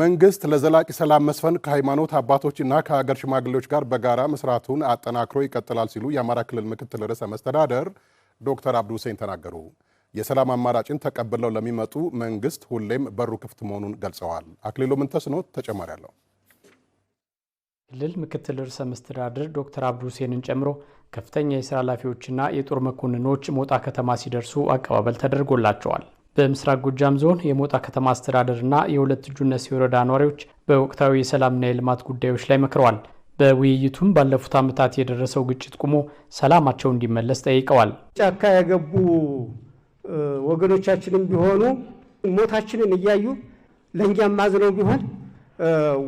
መንግስት ለዘላቂ ሰላም መስፈን ከሃይማኖት አባቶችና ከሀገር ሽማግሌዎች ጋር በጋራ መስራቱን አጠናክሮ ይቀጥላል ሲሉ የአማራ ክልል ምክትል ርዕሰ መስተዳደር ዶክተር አብዱ ሁሴን ተናገሩ። የሰላም አማራጭን ተቀብለው ለሚመጡ መንግስት ሁሌም በሩ ክፍት መሆኑን ገልጸዋል። አክሊሉ ምንተስኖ ተጨማሪ አለው። ክልል ምክትል ርዕሰ መስተዳድር ዶክተር አብዱ ሁሴንን ጨምሮ ከፍተኛ የስራ ኃላፊዎችና የጦር መኮንኖች ሞጣ ከተማ ሲደርሱ አቀባበል ተደርጎላቸዋል። በምስራቅ ጎጃም ዞን የሞጣ ከተማ አስተዳደርና የሁለት እጁነት ወረዳ ነዋሪዎች በወቅታዊ የሰላምና የልማት ጉዳዮች ላይ መክረዋል። በውይይቱም ባለፉት ዓመታት የደረሰው ግጭት ቁሞ ሰላማቸው እንዲመለስ ጠይቀዋል። ጫካ ያገቡ ወገኖቻችንም ቢሆኑ ሞታችንን እያዩ ለእኛም ማዝነው ቢሆን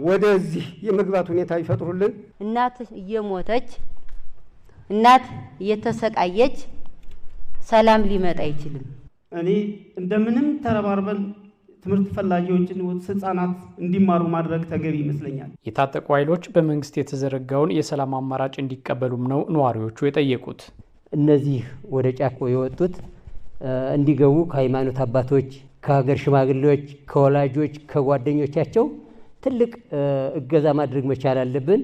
ወደዚህ የመግባት ሁኔታ ይፈጥሩልን። እናት እየሞተች እናት እየተሰቃየች ሰላም ሊመጣ አይችልም። እኔ እንደምንም ተረባርበን ትምህርት ፈላጊዎችን ህጻናት እንዲማሩ ማድረግ ተገቢ ይመስለኛል። የታጠቁ ኃይሎች በመንግስት የተዘረጋውን የሰላም አማራጭ እንዲቀበሉም ነው ነዋሪዎቹ የጠየቁት። እነዚህ ወደ ጫቆ የወጡት እንዲገቡ ከሃይማኖት አባቶች፣ ከሀገር ሽማግሌዎች፣ ከወላጆች፣ ከጓደኞቻቸው ትልቅ እገዛ ማድረግ መቻል አለብን።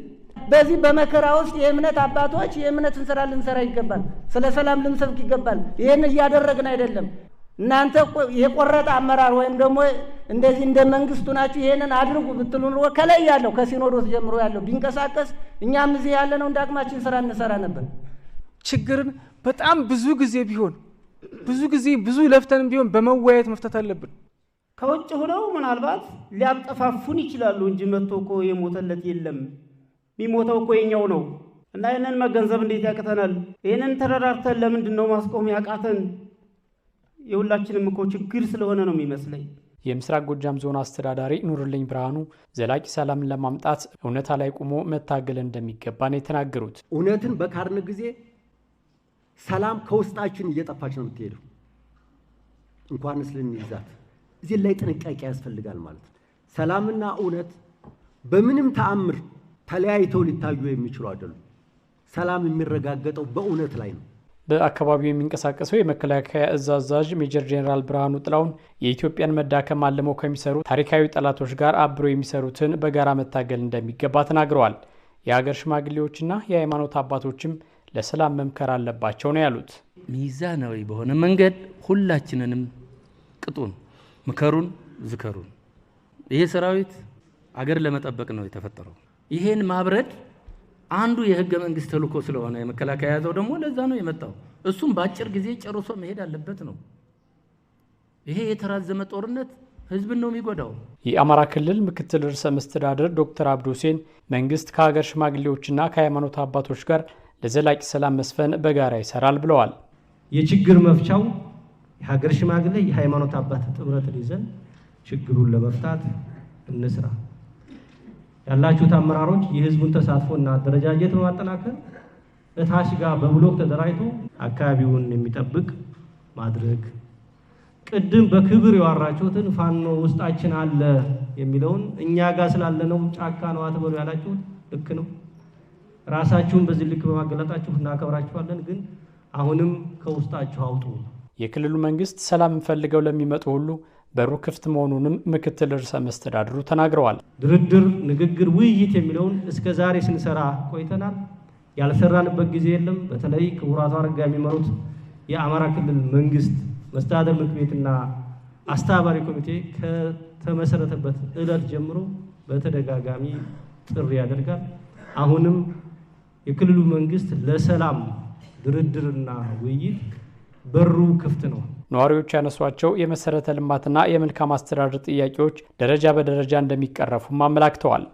በዚህ በመከራ ውስጥ የእምነት አባቶች የእምነትን ስራ ልንሰራ ይገባል። ስለ ሰላም ልንሰብክ ይገባል። ይህን እያደረግን አይደለም። እናንተ የቆረጠ አመራር ወይም ደግሞ እንደዚህ እንደ መንግስቱ ናችሁ ይሄንን አድርጉ ብትሉ ኑሮ ከላይ ያለው ከሲኖዶስ ጀምሮ ያለው ቢንቀሳቀስ እኛም እዚህ ያለ ነው እንደ አቅማችን ስራ እንሰራ ነበር። ችግርን በጣም ብዙ ጊዜ ቢሆን ብዙ ጊዜ ብዙ ለፍተን ቢሆን በመወያየት መፍታት አለብን። ከውጭ ሆነው ምናልባት ሊያጠፋፉን ይችላሉ እንጂ መጥቶ እኮ የሞተለት የለም። የሚሞተው እኮ የኛው ነው እና ይህንን መገንዘብ እንዴት ያቅተናል? ይህንን ተደራርተን ለምንድን ነው ማስቆም ያቃተን? የሁላችንም እኮ ችግር ስለሆነ ነው የሚመስለኝ። የምስራቅ ጎጃም ዞን አስተዳዳሪ ኑርልኝ ብርሃኑ ዘላቂ ሰላምን ለማምጣት እውነታ ላይ ቆሞ መታገል እንደሚገባ ነው የተናገሩት። እውነትን በካርን ጊዜ ሰላም ከውስጣችን እየጠፋች ነው የምትሄደው። እንኳንስ ልንይዛት እዚህ ላይ ጥንቃቄ ያስፈልጋል ማለት ነው። ሰላምና እውነት በምንም ተአምር ተለያይተው ሊታዩ የሚችሉ አይደሉም። ሰላም የሚረጋገጠው በእውነት ላይ ነው። በአካባቢው የሚንቀሳቀሰው የመከላከያ እዝ አዛዥ ሜጀር ጄኔራል ብርሃኑ ጥላውን የኢትዮጵያን መዳከም አልመው ከሚሰሩ ታሪካዊ ጠላቶች ጋር አብረው የሚሰሩትን በጋራ መታገል እንደሚገባ ተናግረዋል። የሀገር ሽማግሌዎችና የሃይማኖት አባቶችም ለሰላም መምከር አለባቸው ነው ያሉት። ሚዛናዊ በሆነ መንገድ ሁላችንንም ቅጡን፣ ምከሩን፣ ዝከሩን። ይሄ ሰራዊት አገር ለመጠበቅ ነው የተፈጠረው። ይሄን ማብረድ አንዱ የህገ መንግስት ተልእኮ ስለሆነ የመከላከያ ያዘው ደግሞ ለዛ ነው የመጣው። እሱም በአጭር ጊዜ ጨርሶ መሄድ አለበት ነው። ይሄ የተራዘመ ጦርነት ህዝብን ነው የሚጎዳው። የአማራ ክልል ምክትል ርዕሰ መስተዳደር ዶክተር አብዱ ሁሴን መንግስት ከሀገር ሽማግሌዎችና ከሃይማኖት አባቶች ጋር ለዘላቂ ሰላም መስፈን በጋራ ይሰራል ብለዋል። የችግር መፍቻው የሀገር ሽማግሌ፣ የሃይማኖት አባት ጥምረትን ይዘን ችግሩን ለመፍታት እንስራ። ያላችሁት አመራሮች የህዝቡን ተሳትፎና አደረጃጀት በማጠናከር እታች ጋር በብሎክ ተደራጅቶ አካባቢውን የሚጠብቅ ማድረግ ቅድም በክብር የዋራችሁትን ፋኖ ውስጣችን አለ የሚለውን እኛ ጋር ስላለ ነው ጫካ ነው አትበሉ ያላችሁት ልክ ነው። ራሳችሁን በዚህ ልክ በማገለጣችሁ እናከብራችኋለን። ግን አሁንም ከውስጣችሁ አውጡ። የክልሉ መንግስት ሰላም እንፈልገው ለሚመጡ ሁሉ በሩ ክፍት መሆኑንም ምክትል ርዕሰ መስተዳድሩ ተናግረዋል። ድርድር፣ ንግግር፣ ውይይት የሚለውን እስከ ዛሬ ስንሰራ ቆይተናል። ያልሰራንበት ጊዜ የለም። በተለይ ክቡር አቶ አረጋ የሚመሩት የአማራ ክልል መንግስት መስተዳደር ምክር ቤትና አስተባባሪ ኮሚቴ ከተመሰረተበት ዕለት ጀምሮ በተደጋጋሚ ጥሪ ያደርጋል። አሁንም የክልሉ መንግስት ለሰላም ድርድርና ውይይት በሩ ክፍት ነው። ነዋሪዎች ያነሷቸው የመሰረተ ልማትና የመልካም አስተዳደር ጥያቄዎች ደረጃ በደረጃ እንደሚቀረፉም አመላክተዋል።